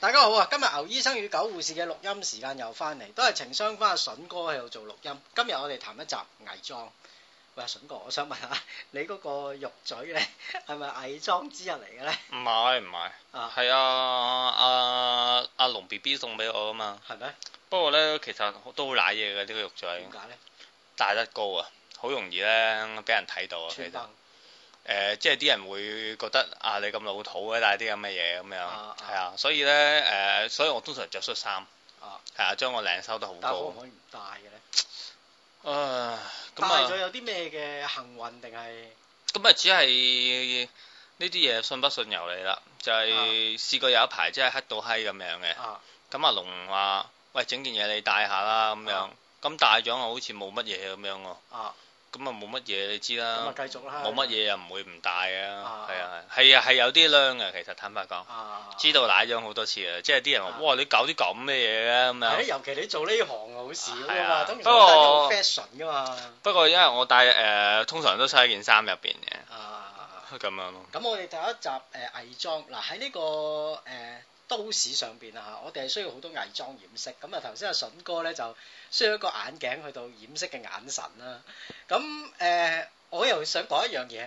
大家好啊！今日牛醫生與狗護士嘅錄音時間又翻嚟，都係情商返阿筍哥喺度做錄音。今日我哋談一集偽裝。喂，阿筍哥，我想問下你嗰個玉嘴咧，係咪偽裝之一嚟嘅咧？唔係唔係，啊，係、啊、阿阿、啊、阿龍 B B 送俾我噶嘛？係咪嗎？不過咧，其實都好瀨嘢嘅呢個玉嘴。點解咧？戴得高啊，好容易咧俾人睇到啊。誒、呃，即係啲人會覺得啊，你咁老土嘅帶啲咁嘅嘢咁樣，係啊，所以咧誒、呃，所以我通常着恤衫，係啊，將個領收得好高。但可唔可以唔帶嘅咧？帶咗、呃、有啲咩嘅幸運定係？咁啊，只係呢啲嘢信不信由你啦。就係、是、試、啊、過有一排真係黑到閪咁樣嘅。咁、啊、阿龍話：喂，整件嘢你帶下啦，咁樣。咁帶咗我好似冇乜嘢咁樣咯。啊啊啊咁啊冇乜嘢你知啦，冇乜嘢又唔會唔戴啊，係啊係，係啊係有啲靚啊。其實坦白講，啊、知道奶咗好多次啊，即係啲人話，哇你搞啲咁嘅嘢嘅，咁啊，樣啊、尤其你做呢行啊，好少啊 fashion 嘛，不過不過因為我戴誒、呃、通常都塞喺件衫入邊嘅，咁樣咯。咁我哋第一集誒、呃、偽裝嗱喺呢個誒、呃。都市上邊啊，我哋係需要好多偽裝掩飾。咁啊頭先阿筍哥咧就需要一個眼鏡去到掩飾嘅眼神啦。咁誒、呃，我又想講一樣嘢。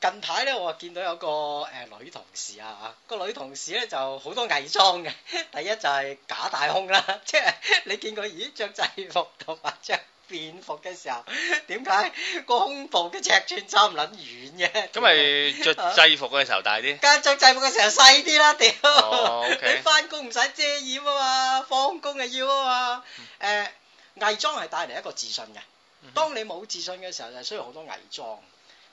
近排咧我見到有個誒、呃、女同事啊嚇，個女同事咧就好多偽裝嘅。第一就係假大胸啦，即係你見過佢咦著制服同埋著。便服嘅時候，點解個胸部嘅尺寸差唔捻遠嘅？咁咪、啊、着制服嘅時候大啲？跟著制服嘅時候細啲啦，屌！Oh, okay. 你翻工唔使遮掩啊嘛，放工又要啊嘛。誒、嗯，偽、呃、裝係帶嚟一個自信嘅。當你冇自信嘅時候，就需要好多偽裝。誒、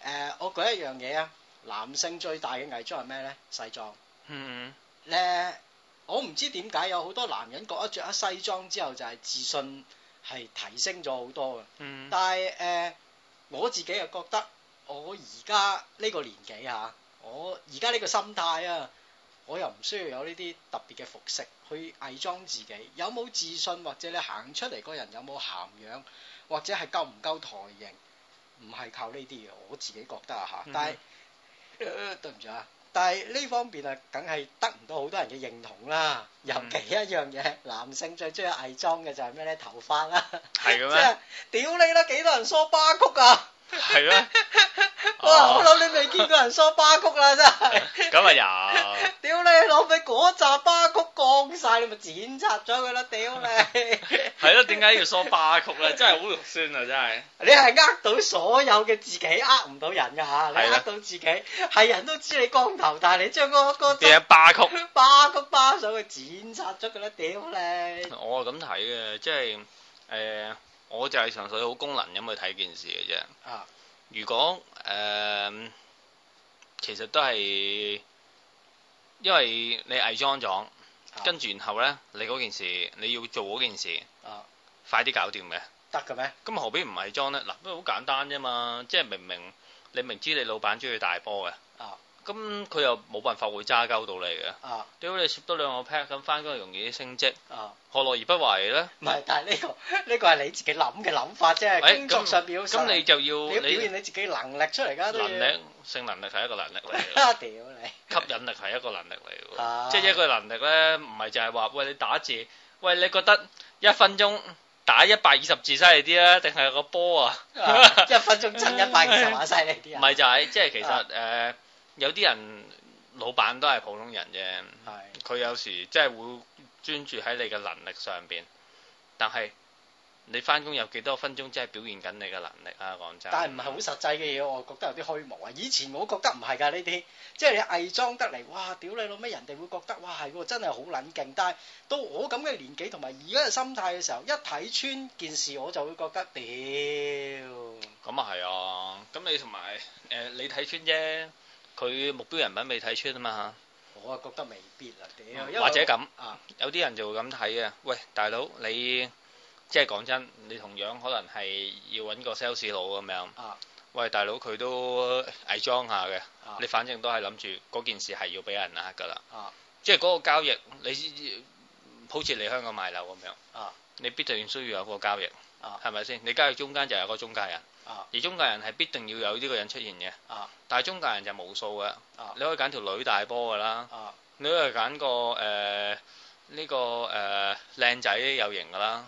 呃，我舉一樣嘢啊，男性最大嘅偽裝係咩咧？西裝。嗯，嗯。咧、呃，我唔知點解有好多男人覺得着咗西裝之後就係自信。係提升咗好多嘅，嗯、但係誒、呃，我自己又覺得我而家呢個年紀啊，我而家呢個心態啊，我又唔需要有呢啲特別嘅服飾去偽裝自己，有冇自信或者你行出嚟個人有冇涵養，或者係夠唔夠台型，唔係靠呢啲嘅，我自己覺得啊嚇，嗯、但係、呃呃、對唔住啊！但係呢方面啊，梗係得唔到好多人嘅認同啦。嗯、尤其一樣嘢，男性最中意偽裝嘅就係咩咧？頭髮啦、啊，係咁樣，即係屌你啦！幾多人梳巴曲啊？係 咩？哇！好老、 啊，你未見過人梳巴曲啦，真係。咁啊呀！屌你，攞俾嗰紮巴曲降晒，你咪剪插咗佢啦！屌你。係咯？點解要梳巴曲咧？真係好肉酸啊！真係。你係呃到所有嘅自己，呃唔到人噶吓！啊、 你呃到自己係人都知你光頭，但係你將嗰、那個。變巴， 巴曲巴鬚巴上去剪插咗佢啦！屌你、 呃。我係咁睇嘅，即係誒，我就係純粹好功能咁去睇件事嘅啫。啊。如果誒、呃，其實都係，因為你偽裝咗，啊、跟住然後呢，你嗰件事你要做嗰件事，啊快，快啲搞掂嘅，得嘅咩？咁何必唔偽裝呢？嗱，不過好簡單啫嘛，即係明明你明知你老闆中意大波嘅，啊。啊咁佢又冇辦法會揸鳩到你嘅，屌你攝多兩個 pat，咁翻工，容易升職，何樂而不為咧？唔係，但係呢個呢個係你自己諗嘅諗法啫。工作上表現，咁你就要你表現你自己能力出嚟噶，能力性能力係一個能力嚟嘅。吸引力係一個能力嚟嘅，即係一個能力咧，唔係就係話喂你打字，喂你覺得一分鐘打一百二十字犀利啲啊，定係個波啊，一分鐘震一百二十下犀利啲啊？唔係就係即係其實誒。有啲人老闆都係普通人啫，佢係有時即係會專注喺你嘅能力上邊，但係你翻工有幾多分鐘真係表現緊你嘅能力啊？講真但係唔係好實際嘅嘢，我覺得有啲虛無啊。以前我覺得唔係噶呢啲，即係你偽裝得嚟，哇！屌你老咩？人哋會覺得哇係，真係好捻勁。但係到我咁嘅年紀同埋而家嘅心態嘅時候，一睇穿件事，我就會覺得屌咁啊係啊！咁你同埋誒，你睇穿啫。佢目標人品未睇出啊嘛嚇，我啊覺得未必為啊，或者咁啊，有啲人就會咁睇啊，喂大佬你即係講真，你同樣可能係要揾個 sales 佬咁樣啊，喂大佬佢都偽裝下嘅，啊、你反正都係諗住嗰件事係要俾人呃噶啦，啊、即係嗰個交易，你好似你香港賣樓咁樣啊，你必定需要有個交易，係咪先？你交易中間就有個中介人。而中介人係必定要有呢個人出現嘅，啊、但係中介人就冇數嘅，啊、你可以揀條女大波噶啦，啊、你可以揀個誒呢、呃這個誒靚、呃、仔有型噶啦，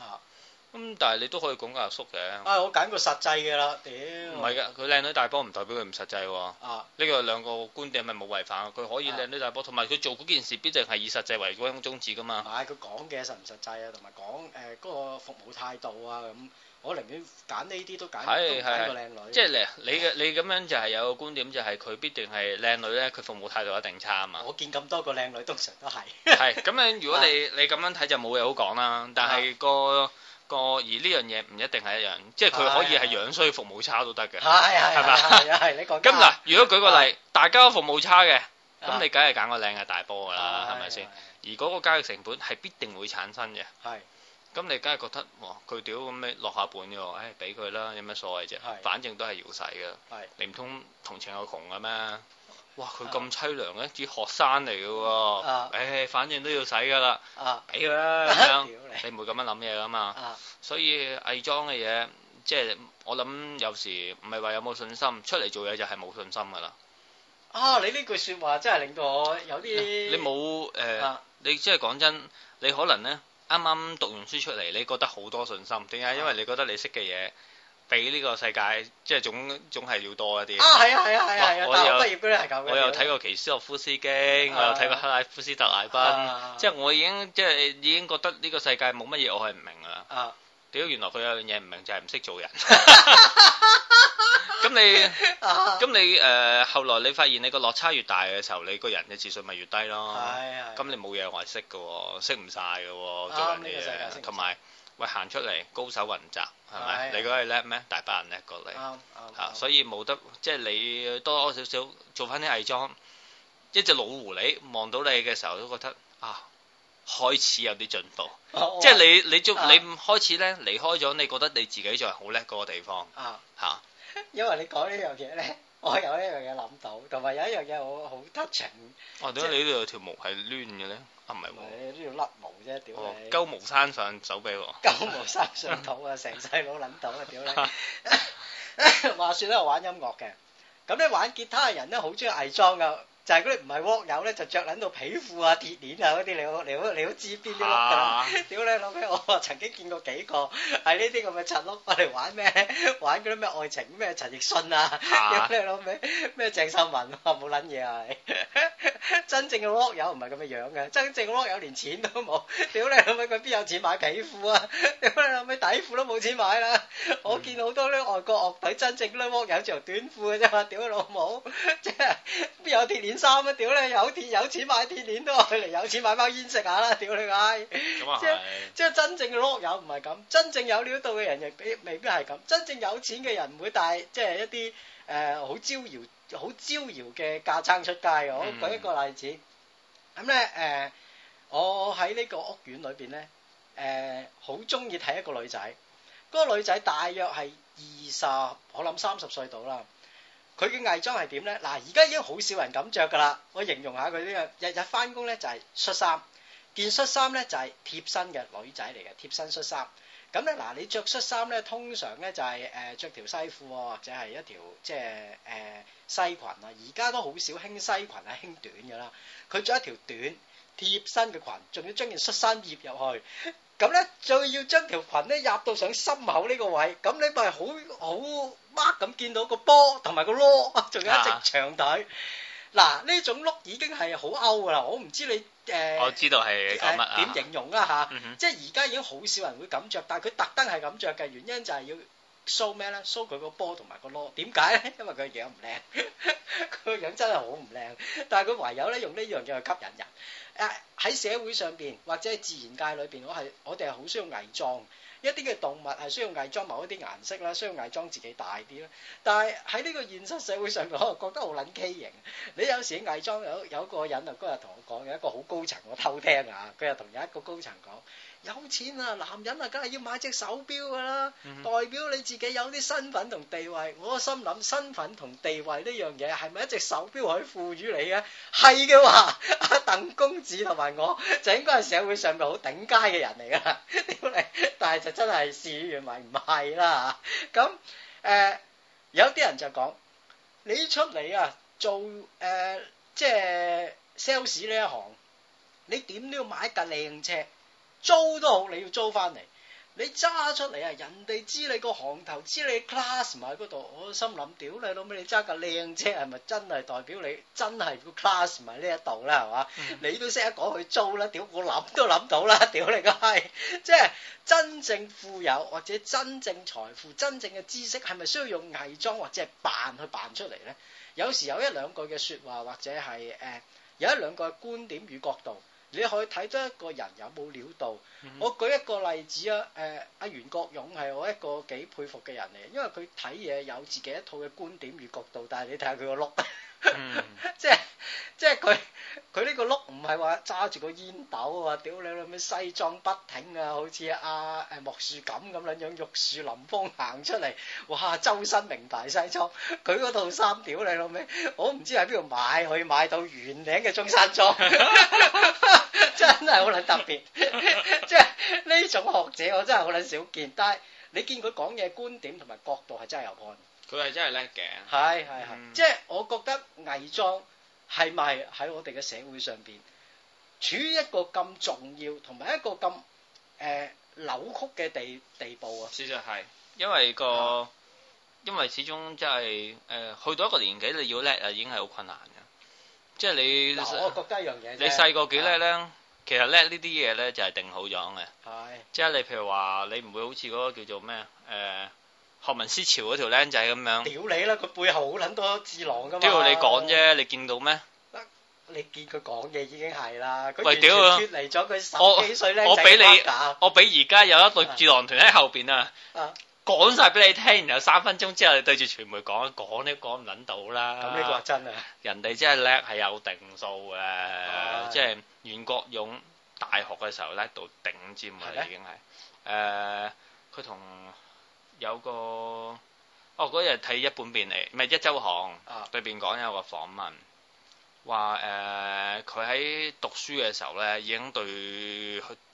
咁、啊、但係你都可以講個阿叔嘅，啊我揀個實際嘅啦，屌、哎，唔係噶，佢靚我女大波唔代表佢唔實際，呢、啊、個兩個觀點咪冇違反，佢可以靚女大波，同埋佢做嗰件事必定係以實際為嗰種宗旨噶嘛，係佢講嘅實唔實際啊，同埋講誒嗰個服務態度啊咁。嗯嗯我寧願揀呢啲都揀，揀個靚女。即係你，你嘅你咁樣就係有個觀點，就係佢必定係靚女咧，佢服務態度一定差啊嘛。我見咁多個靚女，通常都係。係咁樣，如果你你咁樣睇就冇嘢好講啦。但係個個而呢樣嘢唔一定係一樣，即係佢可以係樣衰服務差都得嘅。係係係。係嘛？又係你講。咁嗱，如果舉個例，大家服務差嘅，咁你梗係揀個靚嘅大波㗎啦，係咪先？而嗰個交易成本係必定會產生嘅。係。咁你梗係覺得哇佢屌咁你落下本嘅，唉俾佢啦，有咩所謂啫？是 反正都係要使嘅。是 你唔通同情我窮嘅咩？哇！佢咁淒涼嘅，似學生嚟嘅喎。唉、啊哎，反正都要使嘅啦。啊，俾佢啦咁樣，啊、你唔會咁樣諗嘢噶嘛？所以偽裝嘅嘢，即係我諗有時唔係話有冇信心，出嚟做嘢就係冇信心嘅啦。啊！你呢句説話真係令到我有啲你冇誒、呃？你即係講真，你可能呢。啱啱讀完書出嚟，你覺得好多信心？點解？因為你覺得你識嘅嘢，比呢個世界即係總總係要多一啲。啊，係啊，係啊，係啊哇！我畢業係咁我有又睇過奇斯洛夫斯基，啊、我又睇過克拉夫斯特艾賓，啊、即係我已經即係已經覺得呢個世界冇乜嘢，我係唔明啦。屌！原來佢有樣嘢唔明就係唔識做人，咁 你咁 你誒、呃、後來你發現你個落差越大嘅時候，你個人嘅自信咪越低咯。係啊，咁你冇嘢話識嘅喎，識唔晒嘅喎，做人嘅嘢，同埋、啊嗯這個、喂行出嚟高手雲集，係咪？是是是你嗰個叻咩？大把人叻過你，啊，啊啊所以冇得即係你多多少少做翻啲偽裝，一隻老狐狸望到你嘅時候都覺得啊～開始有啲進步，即係你你做你開始咧離開咗，你覺得你自己仲係好叻嗰個地方啊嚇！因為你講呢樣嘢咧，我有一樣嘢諗到，同埋有一樣嘢我好得情。哦，點解你呢度有條毛係攣嘅咧？啊，唔係喎，呢條甩毛啫，屌你！鳩毛山上手臂喎，鳩毛山上肚啊，成世佬諗到啊，屌你！話説咧，玩音樂嘅咁你，玩吉他嘅人咧，好中意偽裝噶。就係嗰啲唔係鍋友咧，o, 就着撚到皮褲啊、鐵鏈啊嗰啲嚟，你好你好知邊啲咯。屌你老味！我曾經見過幾個係呢啲咁嘅賊碌嚟玩咩？玩嗰啲咩愛情咩陳奕迅啊？屌你老味！咩 鄭秀文啊？冇撚嘢啊！ 真正嘅 rock 友唔係咁嘅樣嘅，真正嘅 rock 友連錢都冇，屌你老味，佢邊有錢買皮褲啊？屌你老味，底褲都冇錢買啦、啊！ 我見好多啲外國樂隊真正啲 rock 友著短褲嘅啫嘛，屌你老母，即係邊有鐵鏈衫啊？屌你，有鐵有錢買鐵鏈都係嚟，有錢買包煙食下、啊、啦，屌你鬼！咁啊係，即係真正嘅 rock 友唔係咁，真正有料到嘅人亦未必係咁，真正有錢嘅人唔會帶即係一啲誒好招搖。好招搖嘅架撐出街，我舉一個例子。咁、嗯、咧、嗯，誒、嗯，我喺呢個屋苑裏邊咧，誒、嗯，好中意睇一個女仔。嗰、那個女仔大約係二十，我諗三十歲到啦。佢嘅偽裝係點咧？嗱，而家已經好少人敢着噶啦。我形容下佢呢、這個，日日返工咧就係恤衫，件恤衫咧就係貼身嘅女仔嚟嘅，貼身恤衫。咁咧嗱，你著恤衫咧，通常咧就係誒著條西褲或者係一條即係誒西裙啊。而家都好少興西裙，係興短㗎啦。佢著一條短貼身嘅裙，仲要將件恤衫掖入去，咁咧就要將條裙咧入到上心口呢個位，咁你咪好好乜咁見到個波同埋個囉，仲有一隻長腿。嗱，呢種碌已經係好勾㗎啦，我唔知你誒，呃、我知道係點、呃呃、形容啦、啊、吓，嗯、哼即係而家已經好少人會咁着，但係佢特登係咁着嘅原因就係要 show 咩咧？show 佢個波同埋個螺，點解咧？因為佢樣唔靚，佢 樣真係好唔靚，但係佢唯有咧用呢樣嘢去吸引人。誒，喺社會上邊或者喺自然界裏邊，我係我哋係好需要偽裝，一啲嘅動物係需要偽裝某一啲顏色啦，需要偽裝自己大啲啦。但係喺呢個現實社會上邊，我覺得好撚畸形。你有時偽裝有有個人啊，嗰日同我講，有一個好高層，我偷聽啊，佢又同一個高層講，有錢啊，男人啊，梗係要買隻手錶㗎啦，代表你自己有啲身份同地位。我心諗身份同地位呢樣嘢係咪一隻手錶可以賦予你嘅？係嘅話，阿鄧工。同埋我就應該係社會上邊好頂佳嘅人嚟㗎啦， 但係就真係事與願違，唔係啦。咁誒，有啲人就講，你出嚟啊做誒、呃、即係 sales 呢一行，你點都要買一架靚車，租都好，你要租翻嚟。你揸出嚟啊！人哋知你個行頭，知你 class 埋嗰度。我心諗，屌你老母！你揸架靚車係咪真係代表你真係要 class 埋呢一度咧？係嘛，嗯、你都識得講去租啦！屌我諗都諗到啦！屌你個閪！即係真正富有或者真正財富、真正嘅知識，係咪需要用偽裝或者係扮去扮出嚟咧？有時有一兩句嘅說話或者係誒、呃、有一兩個觀點與角度。你可以睇得一個人有冇料到。嗯、哼我舉一個例子啊，誒、呃，阿袁國勇係我一個幾佩服嘅人嚟，因為佢睇嘢有自己一套嘅觀點與角度，但係你睇下佢個 look。 即係即係佢佢呢個碌唔係話揸住個煙斗啊，屌你老味西裝筆挺啊，好似阿誒莫樹錦咁樣樣玉樹臨風行出嚟，哇周身名牌西裝，佢嗰套衫屌你老味，我唔知喺邊度買可以買到圓領嘅中山裝， 真係好捻特別，即係呢種學者我真係好捻少見，但係你見佢講嘢觀點同埋角度係真係有 point。佢係真係叻嘅，係係係，即係我覺得偽裝係咪喺我哋嘅社會上邊處於一個咁重要同埋一個咁誒扭曲嘅地地步啊？事實係，因為個因為始終即係誒，去到一個年紀，你要叻啊，已經係好困難嘅。即係你，我覺得一樣嘢，你細個幾叻咧，其實叻呢啲嘢咧就係定好咗嘅。係，即係你譬如話，你唔會好似嗰個叫做咩誒。學民思潮嗰條僆仔咁樣，屌你啦！佢背後好捻多智囊噶嘛，屌你講啫，你見到咩？你見佢講嘢已經係啦，佢完全脱離咗佢十幾歲僆仔框架。我俾而家有一隊智囊團喺後邊啊，講晒俾你聽，然後三分鐘之後你對住傳媒講，講都講唔捻到啦。咁呢個真啊？人哋真係叻，係有定數嘅。即係袁國勇大學嘅時候叻到頂尖噶啦，已經係。誒，佢同。有個哦，嗰日睇一本便利，唔係一週刊，啊、對面講有個訪問，話誒佢喺讀書嘅時候咧，已經對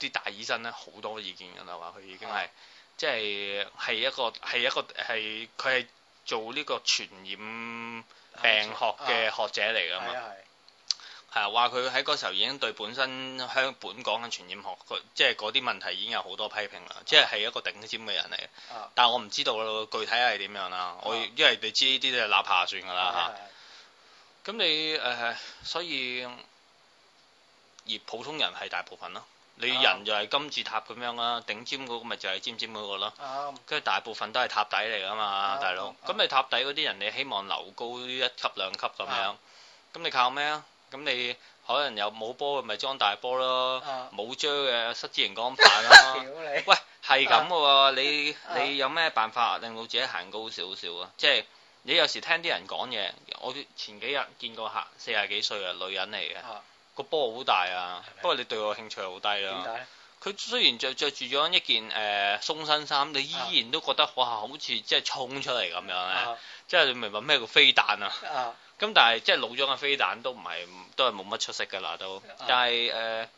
啲大醫生咧好多意見㗎啦，話佢已經係即係係一個係一個係佢係做呢個傳染病學嘅學者嚟㗎嘛。啊。係啊，話佢喺嗰時候已經對本身香本港嘅傳染學，即係嗰啲問題已經有好多批評啦。即係係一個頂尖嘅人嚟嘅，但係我唔知道咯，具體係點樣啦？我因為你知呢啲都係擸下算噶啦。咁你誒，所以而普通人係大部分咯。你人就係金字塔咁樣啦，頂尖嗰個咪就係尖尖嗰個咯，跟住大部分都係塔底嚟噶嘛，大佬。咁你塔底嗰啲人，你希望留高一級兩級咁樣，咁你靠咩啊？咁你可能有冇波咪裝大波咯，冇張嘅失之熒光棒啦。喂，係咁嘅喎，你你有咩辦法令到自己行高少少啊？即係你有時聽啲人講嘢，我前幾日見過客四廿幾歲嘅女人嚟嘅，個波好大啊。不過你對我興趣好低啦。點解？佢雖然着着住咗一件誒鬆身衫，你依然都覺得哇，好似即係衝出嚟咁樣咧。即係你明白咩叫飛彈啊？咁、嗯、但係即係老咗嘅飛彈都唔係，都係冇乜出息㗎啦都。嗯、但係誒、呃，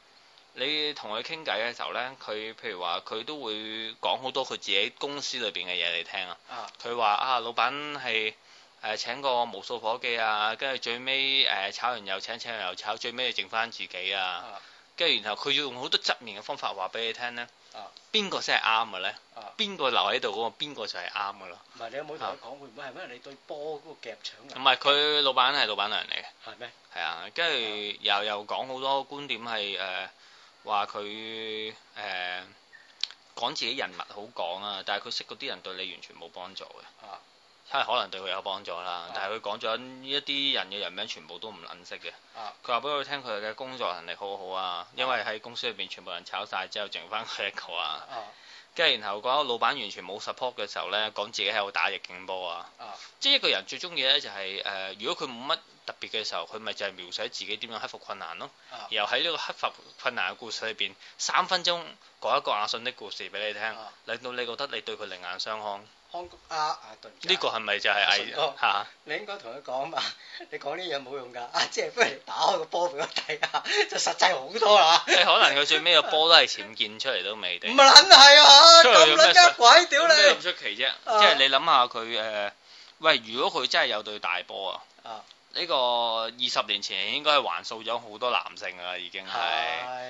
你同佢傾偈嘅時候呢，佢譬如話佢都會講好多佢自己公司裏邊嘅嘢你聽啊。佢話、嗯、啊，老闆係誒、呃、請個無數夥計啊，跟住最尾誒、呃、炒完又請請完又炒，最尾剩翻自己啊。跟住、嗯、然後佢要用好多側面嘅方法話俾你聽呢。啊！邊個先係啱嘅咧？邊個、啊、留喺度嗰個，邊個就係啱嘅咯。唔係、啊、你有冇同佢講佢唔係咩？啊、會唔會係因為你對波嗰個夾搶唔係佢老闆係老闆娘嚟嘅。係咩？係啊，跟住又又講好多觀點係誒，話佢誒講自己人物好講啊，但係佢識嗰啲人對你完全冇幫助嘅。啊！可能對佢有幫助啦，但係佢講咗一啲人嘅人名全部都唔撚識嘅。佢話俾佢聽佢嘅工作能力好好啊，因為喺公司入邊全部人炒晒之後，剩翻佢一個啊。跟住然後講老闆完全冇 support 嘅時候呢，講自己喺度打逆境波啊。即係一個人最中意呢，就係誒，如果佢冇乜特別嘅時候，佢咪就係描寫自己點樣克服困難咯。然後喺呢個克服困難嘅故事裏邊，三分鐘講一個阿信的故事俾你聽，令到你覺得你對佢另眼相看。康國呢個係咪就係偽嚇？哥啊、你應該同佢講嘛，你講呢樣冇用㗎，即、啊、係不如打開個波俾我睇下、啊，就實際好多啦。你、啊、可能佢最尾個波都係淺見出嚟都未定。唔係撚係啊！咁撚一鬼屌你！咁出奇啫？即係你諗下佢誒，喂，如果佢真係有對大波啊？啊！呢個二十年前應該係還數咗好多男性㗎啦，已經係，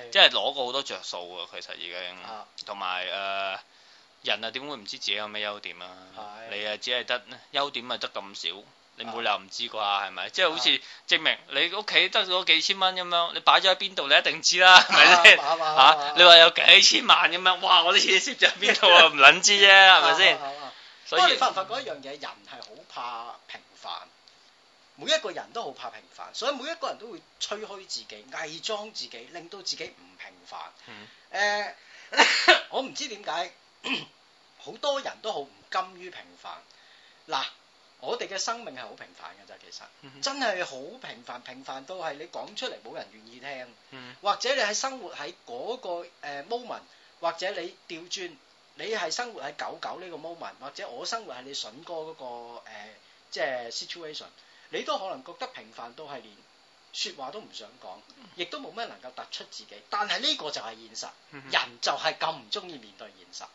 是即係攞過好多着數啊，其實已經。同埋誒。人啊，點會唔知自己有咩優點啊？你啊，你只係得優點啊，得咁少，你冇理由唔知啩，係咪？啊、即係好似證明你屋企得咗幾千蚊咁樣，你擺咗喺邊度，你一定知啦，係咪先？吓，你話有幾千萬咁樣，哇！我啲錢蝕咗喺邊度啊？唔捻知啫，係咪先？啊、所以你發唔發覺一樣嘢，人係好怕平凡，每一個人都好怕平凡，所以每一個人都會吹嘘自己、偽裝自己，令到自己唔平凡。誒、嗯，我唔知點解。好多人都好唔甘於平凡嗱，我哋嘅生命係好平凡嘅啫。其實，真係好平凡，平凡到係你講出嚟冇人願意聽，或者你係生活喺嗰個誒 moment，或者你調轉，你係生活喺九九呢個 moment，或者我生活係你筍哥嗰、那個誒、呃、即係 situation，你都可能覺得平凡到係連說話都唔想講，亦都冇咩能夠突出自己。但係呢個就係現實，人就係咁唔中意面對現實。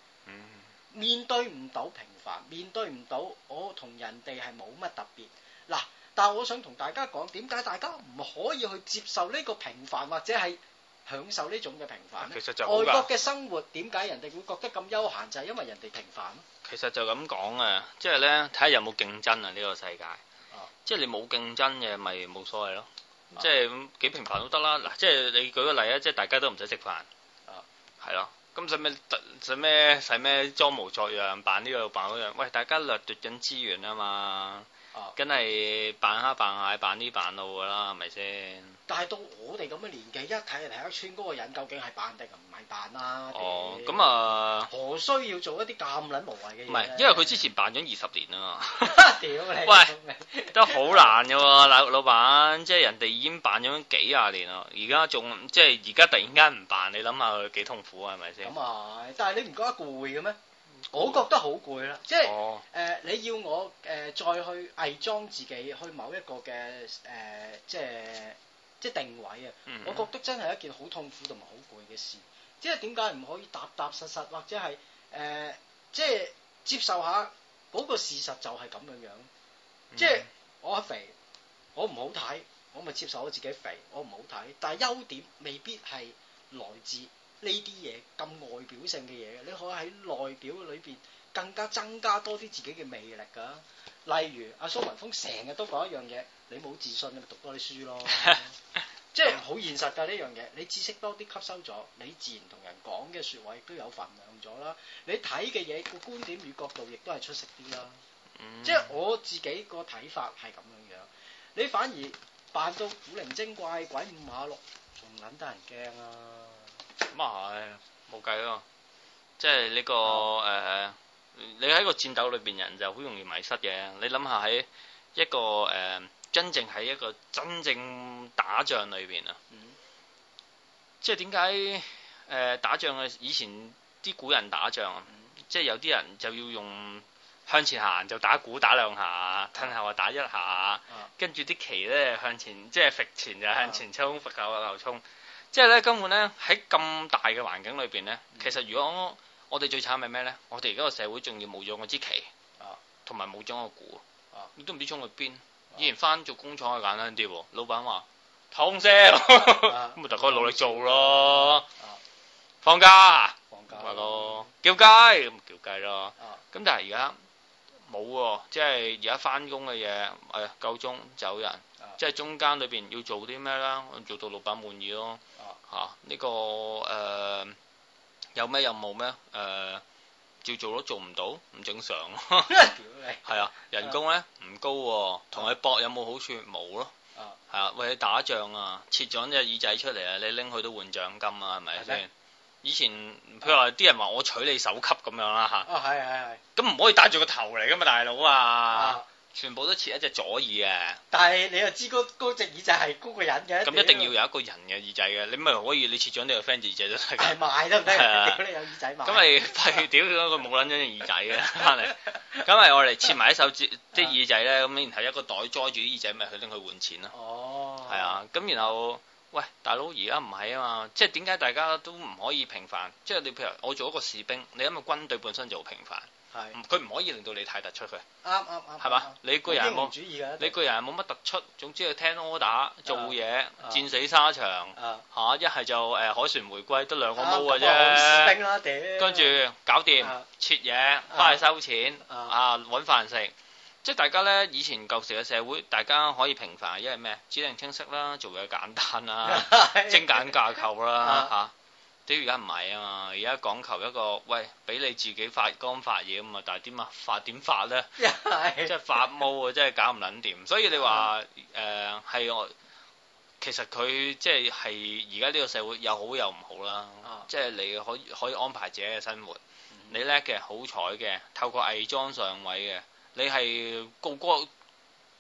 面對唔到平凡，面對唔到我同人哋係冇乜特別嗱，但係我想同大家講，點解大家唔可以去接受呢個平凡或者係享受呢種嘅平凡咧？其實就外國嘅生活，點解人哋會覺得咁悠閒，就係因為人哋平凡。其實就咁講啊，即係咧睇下有冇競爭啊呢個世界，即係你冇競爭嘅咪冇所謂咯，即係幾平凡都得啦。嗱，即係你舉個例啊，即係大家都唔使食飯，係咯。咁使咩？使咩、嗯？使咩？裝模作樣扮呢樣，扮嗰樣。喂，大家掠奪緊資源啊嘛！梗係、哦、扮蝦扮蟹扮呢扮佬噶啦，係咪先？但係到我哋咁嘅年紀，一睇就睇得出嗰個人究竟係扮定唔係扮啦、啊。哦、咁、嗯、啊，何需要做一啲咁撚無謂嘅嘢？唔係，因為佢之前扮咗二十年啊嘛。屌你！喂， 都好難噶，嗱，老闆，即係人哋已經扮咗幾廿年啦，而家仲即係而家突然間唔扮，你諗下佢幾痛苦啊，係咪先？咁啊、嗯、但係你唔覺得攰嘅咩？我覺得好攰啦，即係誒、oh. 呃、你要我誒、呃、再去偽裝自己去某一個嘅誒、呃，即係即係定位啊！Mm hmm. 我覺得真係一件好痛苦同埋好攰嘅事，即係點解唔可以踏踏實實或者係誒、呃、即係接受下嗰個事實就係咁樣樣，mm hmm. 即係我一肥，我唔好睇，我咪接受我自己肥，我唔好睇，但係優點未必係來自。呢啲嘢咁外表性嘅嘢，你可以喺外表裏邊更加增加多啲自己嘅魅力㗎、啊。例如阿蘇文峰成日都講一樣嘢，你冇自信，你咪讀多啲書咯， 即係好現實㗎呢樣嘢。你知識多啲吸收咗，你自然同人講嘅説話亦都有份量咗啦。你睇嘅嘢個觀點與角度亦都係出色啲啦、啊。嗯、即係我自己個睇法係咁樣樣，你反而扮到古靈精怪鬼五馬六，仲撚得人驚啊！咁啊係，冇計咯，即係呢個誒，你喺個戰鬥裏邊人就好容易迷失嘅。你諗下喺一個誒、呃，真正喺一個真正打仗裏邊啊，嗯、即係點解誒打仗嘅以前啲古人打仗、啊，嗯、即係有啲人就要用向前行就打鼓打兩下，褪後啊打一下，嗯、跟住啲旗咧向前，即係馳前就向前衝，佛教就後衝。即係咧，根本咧喺咁大嘅環境裏邊咧，其實如果我哋最慘係咩咧？我哋而家個社會仲要冇咗我支旗，同埋冇咗我個股，你都唔知衝去邊。以前翻做工廠係簡單啲，老闆話，痛些，咁 咪大家努力做咯。放假，放假咯，叫雞咁叫雞咯。咁但係而家冇喎，即係而家翻工嘅嘢，誒夠鐘走人，即係中間裏邊要做啲咩啦？做到老闆滿意咯。吓，呢、啊這個誒、呃、有咩任務咩？誒、呃，照做都做唔到，唔正常、啊。係 啊，人工咧唔、uh, 高、啊，同佢搏有冇好處？冇咯。啊，係、uh, 啊，為佢打仗啊，切咗隻耳仔出嚟啊，你拎佢都換獎金啊，係咪先？嗎以，以前譬如話啲人話我取你首級咁樣啦，吓。啊，係係係。咁唔可以帶住個頭嚟噶嘛，大佬啊！Uh huh. 全部都切一隻左耳嘅，但係你又知嗰嗰隻耳仔係嗰個人嘅，咁一定要有一個人嘅耳仔嘅，你咪可以你切咗你個 friend 耳仔都得，係賣都得，如果你有耳仔嘛、嗯？咁咪係，屌咗 個冇撚咗隻耳仔嘅翻嚟，咁咪我哋切埋一手折啲耳仔咧，咁然後一個袋載住啲耳仔咪去拎去換錢咯。哦、嗯。係啊，咁然後，喂、嗯，大佬而家唔係啊嘛，即係點解大家都唔可以平凡？即係你譬如我做一個士兵，你因為軍隊本身就平凡。係，佢唔可以令到你太突出，佢啱啱啱，係嘛？你個人冇主意，你個人係冇乜突出，總之聽 order 做嘢，戰死沙場，吓一係就誒凱旋回歸，得兩個毛嘅啫。跟住搞掂，切嘢翻去收錢，啊搵飯食。即係大家呢，以前舊時嘅社會，大家可以平凡，因為咩指令清晰啦，做嘢簡單啦，精簡架構啦，吓。啲而家唔係啊嘛，而家講求一個，喂，俾你自己發光發嘢啊嘛，但係點啊發點發呢？ 即係發毛啊！即係搞唔撚掂，所以你話誒係我其實佢即係係而家呢個社會有好有唔好啦，啊、即係你可以可以安排自己嘅生活，嗯、你叻嘅好彩嘅，透過偽裝上位嘅，你係過過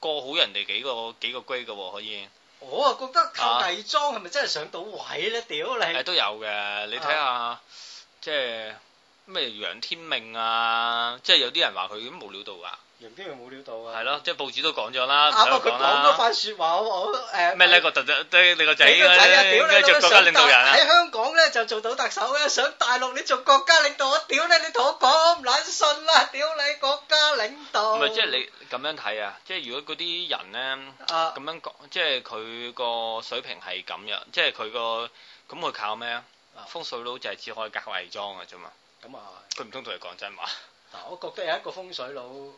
過好人哋幾個幾個級嘅喎，可以。我啊、oh，覺得靠偽裝係咪真係上到位咧？屌你！誒都有嘅，你睇下，啊、即係咩楊天命啊，即係有啲人話佢都冇料到噶。楊天命冇料到啊！係咯，即係報紙都講咗啦。嗯、不啊，佢講咗番說話，我誒咩、呃、呢個特特都係你個仔噶。屌你！做國家領導人喺香港咧就做到特首嘅，上大陸你做國家領導，我屌你！你同我講，我唔捻信啦！屌你！你唔係整即係你咁樣睇啊！即係如果嗰啲人咧咁、啊、樣講，即係佢個水平係咁樣，即係佢個咁佢靠咩啊？風水佬就係只可以搞偽裝嘅啫嘛。咁啊，佢唔通同你講真話？嗱、啊，我覺得有一個風水佬誒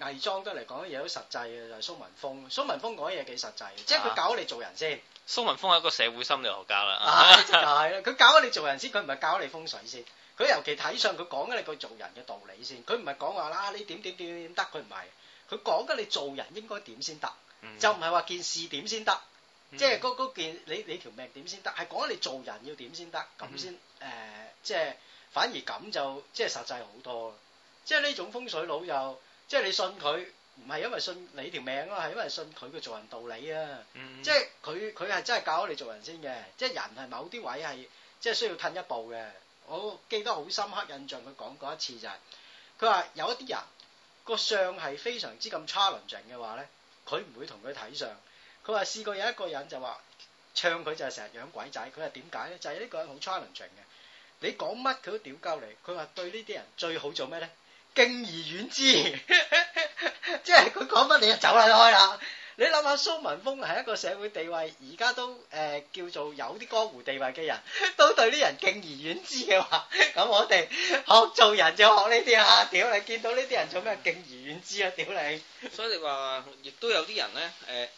偽裝得嚟講嘢好實際嘅就係、是、蘇民峰，蘇民峰講嘢幾實際，即係佢教你做人先。蘇、啊、民峰係一個社會心理學家啦。係啦、啊，佢、 啊、教你做人先，佢唔係教你風水先。佢尤其睇上佢講緊你佢做人嘅道理先，佢唔係講話啦你點點點點得？佢唔係，佢講緊你做人應該點先得。嗯、就唔係話件事點先得，嗯、即係嗰件你你條命點先得，係講緊你做人要點先得。咁先誒，即係反而咁就即係實際好多，即係呢種風水佬又即係你信佢唔係因為信你條命咯，係因為信佢嘅做人道理啊，嗯嗯、即係佢佢係真係教咗你做人先嘅，即係人係某啲位係即係需要褪一步嘅。我記得好深刻印象，佢講過一次就係、是，佢話有一啲人個相係非常之咁 challenging 嘅話咧，佢唔會同佢睇相。佢話試過有一個人就話唱佢就係成日養鬼仔，佢話點解咧？就係、是、呢個人好 challenging 嘅，你講乜佢都屌鳩你。佢話對呢啲人最好做咩咧？敬而遠之，即係佢講乜你就走啦開啦。你諗下蘇文峰係一個社會地位，而家都誒、呃、叫做有啲江湖地位嘅人，都對啲人敬而遠之嘅話，咁 我哋學做人就學呢啲啊！屌你，見到呢啲人做咩敬而遠之啊？屌你！所以你話，亦都有啲人呢，誒、呃，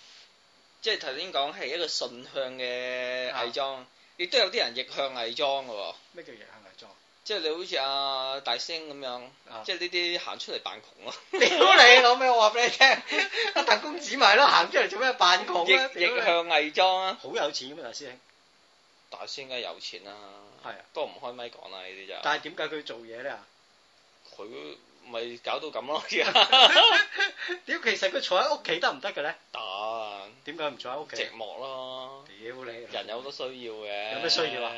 即係頭先講係一個順向嘅偽裝，亦、啊、都有啲人逆向偽裝嘅喎。咩叫逆向偽裝？即係你好似阿大師兄咁樣，啊、即係呢啲行出嚟扮窮咯。屌你攞咩？我話俾你聽，阿 鄧公子咪咯，行出嚟做咩扮窮咧、啊？逆逆向偽裝啊！好有錢嘅、啊、嘛，大師兄。大師兄梗係有錢啦。係啊，啊都唔開咪講啦，呢啲就。但係點解佢做嘢咧？佢咪搞到咁咯？屌，其實佢坐喺屋企得唔得嘅咧？得。點解唔坐喺屋企？寂寞咯。屌你。人有好多需要嘅。有咩需要啊？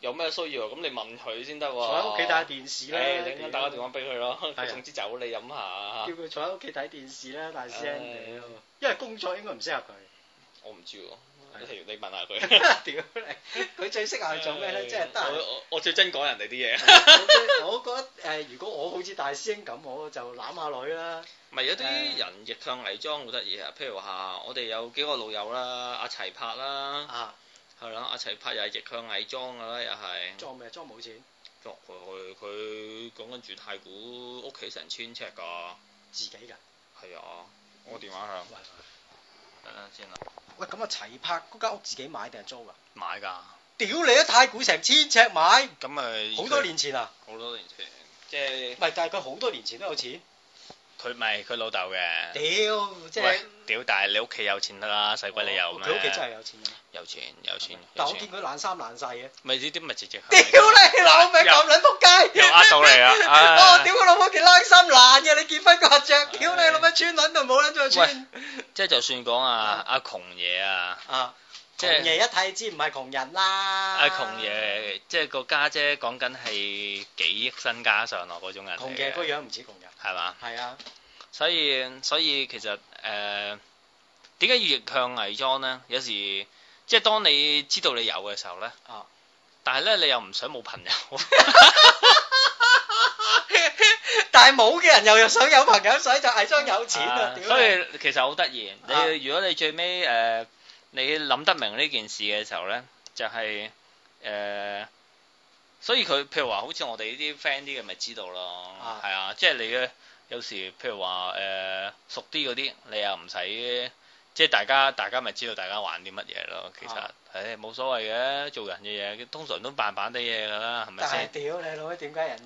有咩需要？咁你問佢先得喎。坐喺屋企睇電視啦，你打個電話俾佢咯，佢送支酒你飲下。叫佢坐喺屋企睇電視啦，大師兄，因為工作應該唔適合佢。我唔知喎，你問下佢。屌你，佢最適合做咩咧？即係得我最憎講人哋啲嘢。我覺得誒，如果我好似大師兄咁，我就攬下女啦。唔係有啲人逆向偽裝好得意啊，譬如話我哋有幾個老友啦，阿齊柏啦。啊。係啦，阿齊柏又係逆向偽裝噶啦，又係，裝咩裝冇錢？做佢佢佢講緊住太古屋企成千尺噶，自己噶。係啊，我電話去、嗯、喂，等等先啦。喂，咁阿齊柏嗰間屋自己買定係租噶？買噶的。屌你啊！太古成千尺買。咁咪好多年前啊？就是、好多年前，即係、咪。唔係，但係好多年前都有錢。佢咪佢老豆嘅，屌即係屌！但係你屋企有錢得啦，細鬼你有，佢屋企真係有錢，有錢有錢。但，我見佢爛衫爛曬嘅，咪呢啲咪直接屌你老味咁撚撲街，又呃到你啊！我屌佢老母件爛衫爛嘅，你結婚佢話著，屌你老味穿撚就冇得再穿。喂，即係就算講啊阿窮嘢啊。窮爺一睇知唔係窮人啦，啊！窮爺即係個家姐講緊係幾億身家上落嗰種人，窮嘅，個樣唔似窮人，係嘛吧？係啊，所以所以其實誒，點解要逆向偽裝呢？有時即係、就是、當你知道你有嘅時候呢，啊、但係呢，你又唔想冇朋友， 但係冇嘅人又又想有朋友，所以就偽裝有錢啊！所以其實好得意，你如果你，、啊、如果你最尾誒。啊 你諗得明呢件事嘅時候呢，就係、是、誒、呃，所以佢譬如話，好似我哋呢啲 friend 啲嘅咪知道咯，係啊，啊，即係你嘅有時譬如話誒、呃、熟啲嗰啲，你又唔使即係大家，大家咪知道大家玩啲乜嘢咯，其實。啊誒，冇、哎、所謂嘅，做人嘅嘢，通常都扮扮啲嘢噶啦，係咪先？但係屌你老味，點解 人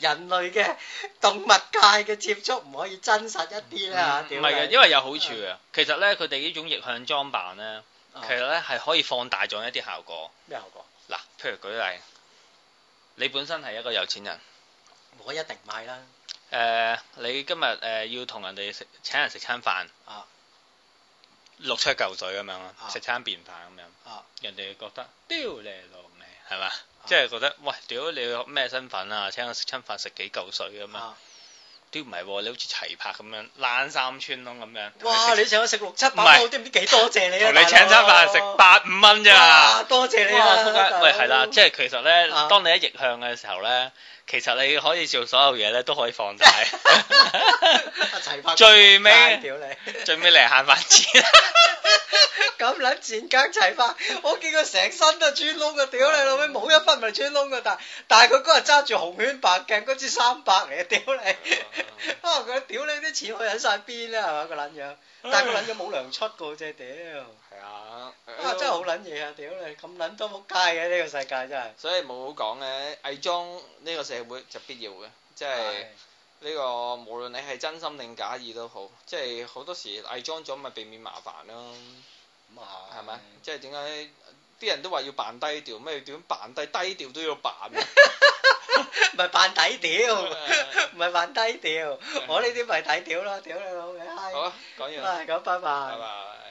人類嘅動物界嘅接觸唔可以真實一啲咧？唔係嘅，嗯、 因為有好處嘅。其實咧，佢哋呢種逆向裝扮咧，其實咧係、啊、可以放大咗一啲效果。咩效果？嗱，譬如舉例，你本身係一個有錢人，我一定買啦。誒、呃，你今日誒要同人哋食，請人食餐飯。人家人家飯啊。六七嚿水咁樣，食餐便飯咁樣，人哋會覺得屌你老味，係嘛？即係覺得喂，屌你咩身份啊？請我食餐飯食幾嚿水咁樣？都唔係喎，你好似齊拍咁樣爛三村窿咁樣。哇！你請我食六七百，我都唔知幾多謝你啊！你請餐飯食八五蚊咋？多謝你啊！喂，係啦，即係其實咧，當你一逆向嘅時候咧，其實你可以做所有嘢咧，都可以放晒。最尾屌你，最尾嚟慳翻錢，咁捻錢夾齊翻，我見佢成身都穿窿個屌你老味，冇一分咪穿窿個，但但係佢嗰日揸住紅圈白鏡嗰支三百嚟，屌你啊！佢屌你啲錢去飲晒邊啦係嘛，個捻樣，但係個捻樣冇糧出個啫屌。係啊，啊真係好捻嘢啊屌你，咁捻都扑街嘅呢個世界真係。所以冇好講嘅，偽裝呢個社會就必要嘅，即係。呢個無論你係真心定假意都好，即係好多時偽裝咗咪避免麻煩咯。咁啊，係咪？即係點解啲人都話要扮低調？咩點扮低低調都要扮。唔係扮低調，唔係扮低調，我呢啲咪低調咯，屌你老嘅。好，講完。唔係，咁拜拜。拜拜。